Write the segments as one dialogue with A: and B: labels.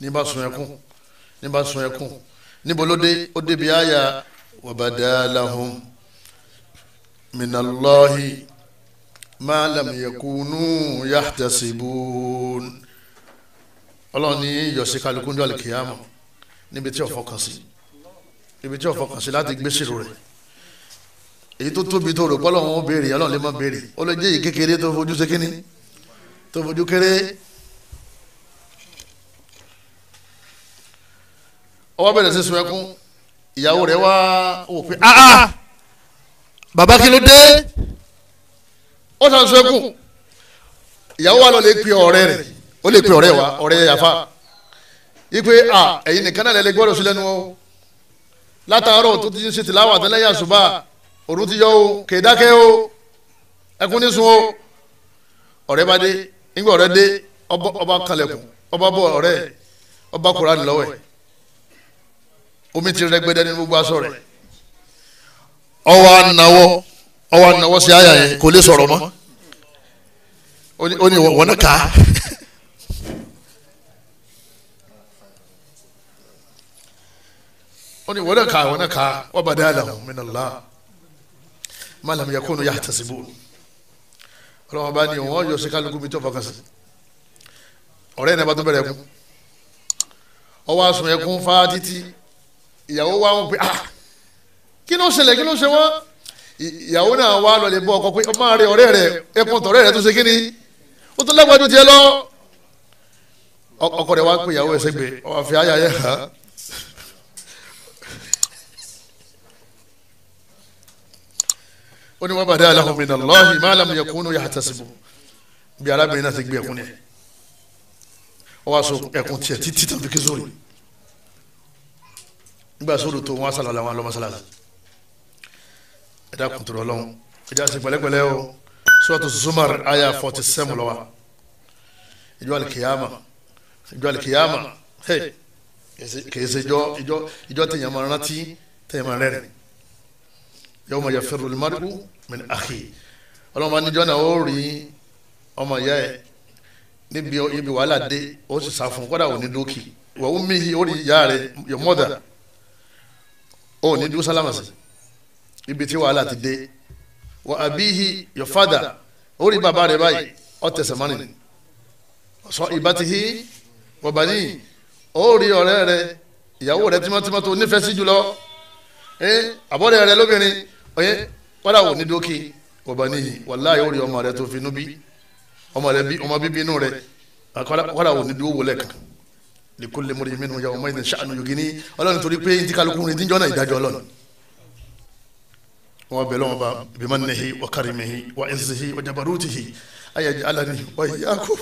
A: ní bá sun ẹkún ní bá sun ẹkún níbo ló dé ó débi àyà wàbàdà lahum minallahi ma lam yakunu yahtasibun ọlọ́run ní yọ̀sí kálukú ní alìkìyàmọ̀ níbi tí ọ̀fọ̀ kàn sí níbi tí ọ̀fọ̀ kàn sí láti gbé sírò rẹ̀ èyí tó tóbi tó rò pé ọlọ́run ó béèrè ọlọ́run béèrè ó lè jẹ́ èyí tó fojú ṣe tó fojú kéré ọwọ́ bẹ̀rẹ̀ sí ẹkún ìyàwó rẹ̀ wá wò aa ah, ah, ah, bàbá kí ló dé ó sàn ẹkún ìyàwó wa lọ lè pe ọrẹ rẹ̀ ó lè pe wa ọ̀rẹ́ yàfa a nìkan náà sí o tó ti ṣe tìláwà yà òru ti yọ o o ẹkún ní sun o ọba ọba ọba kura omi ti rẹgbẹdẹ nínú gbogbo aṣọ rẹ̀ ọwọ́ anáwọ́ ọwọ́ anáwọ́ sí àyà yẹn kò lè sọ̀rọ̀ mọ́ ó ní wọ́n náà kà á. ó ní wọ́n náà kà á wọ́n náà kà á wọ́n bá dáa lahum min Allah ma lam yakunu yahtasibun ọlọ́wọ́n bá ní wọ́n yọ sí kálukú mi tó fọkàn sí ọ̀rẹ́ yẹn náà bá tó bẹ̀rẹ̀ ẹkún ọwọ́ àsùn ẹkún fáá títí ìyàwó wa ń pè ah kí ló ṣẹlẹ̀ kí ló ṣe wọ́n ìyàwó náà wá lọ lè bọ ọkọ pé ọmọ rẹ ọ̀rẹ́ rẹ ẹkùn tọ̀rẹ́ rẹ tó ṣe kíni ó tó lágbájú tiẹ̀ lọ ọkọ rẹ wá pé ìyàwó ẹsẹ gbé ọmọ fi ayà yẹ hàn. ó ní wọ́n bá dé aláhùnmí náà lọ́ọ̀hìn má làmú yẹ kúnú yà tẹ̀síbù bí arábìnrin náà ti gbé ẹkún yẹn ó wá so ẹkún tiẹ̀ títí tàbí kí sórí nígbà sóòrò tó wọn sàlọ làwọn alọmọsàlá ẹ dákun tó lọlọrun ẹ já sí pẹ̀lẹ́pẹ̀lẹ́ o sọọtù zumar aya forty seven lọ wa ìjọ alikiyama ìjọ alikiyama kìí ṣe ìjọ ìjọ ìjọ tẹyàn máa rántí tẹyàn máa rẹ́rìn yawma yafirru al-mar'u min akhi ọlọmọ anijọ náà ó rí ọmọ ìyá ẹ níbi wàhálà dé ó sì sá fún kódà òní dókì wà ó mí ó rí ìyá rẹ your mother. o oh, ní dúró sálámà sí ibi tí wàhálà ti dé wa abihi your father ó rí bàbá rẹ báyìí ó tẹsẹ̀ mọ́ni sọ ìbátihí wà rí ọ̀rẹ́ rẹ ìyàwó rẹ tímọ́tímọ́ tó nífẹ̀ẹ́ sí jùlọ ẹ àbọ̀rẹ́ rẹ lóbìnrin ọ̀yẹ́ padà wò ní dókè wà bani wàláyé ó rí ọmọ rẹ tó fi ọmọ bíbí inú rẹ padà wò ní wọlé likule mori minnu yà ọmọ ìdè sànù yògìní ọlọ́run torí pé ntí kálukú ní díjọ́ náà ìdájọ́ ọlọ́run wọn bẹ lọ́wọ́ bá bimanihi wa karimihi wa izzihi wa jabarutihi ayaji alani wa iyaku.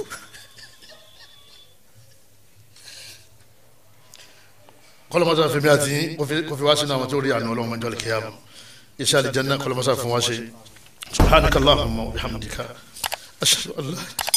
A: kọlọmọsá fèmí àti kofi wá sínú àwọn tó rí àná ọlọ́run mọ́jọ́ kíyàmù iṣẹ́ àlìjẹ́ náà kọlọmọsá fún wá ṣe wa bihamdika ashhadu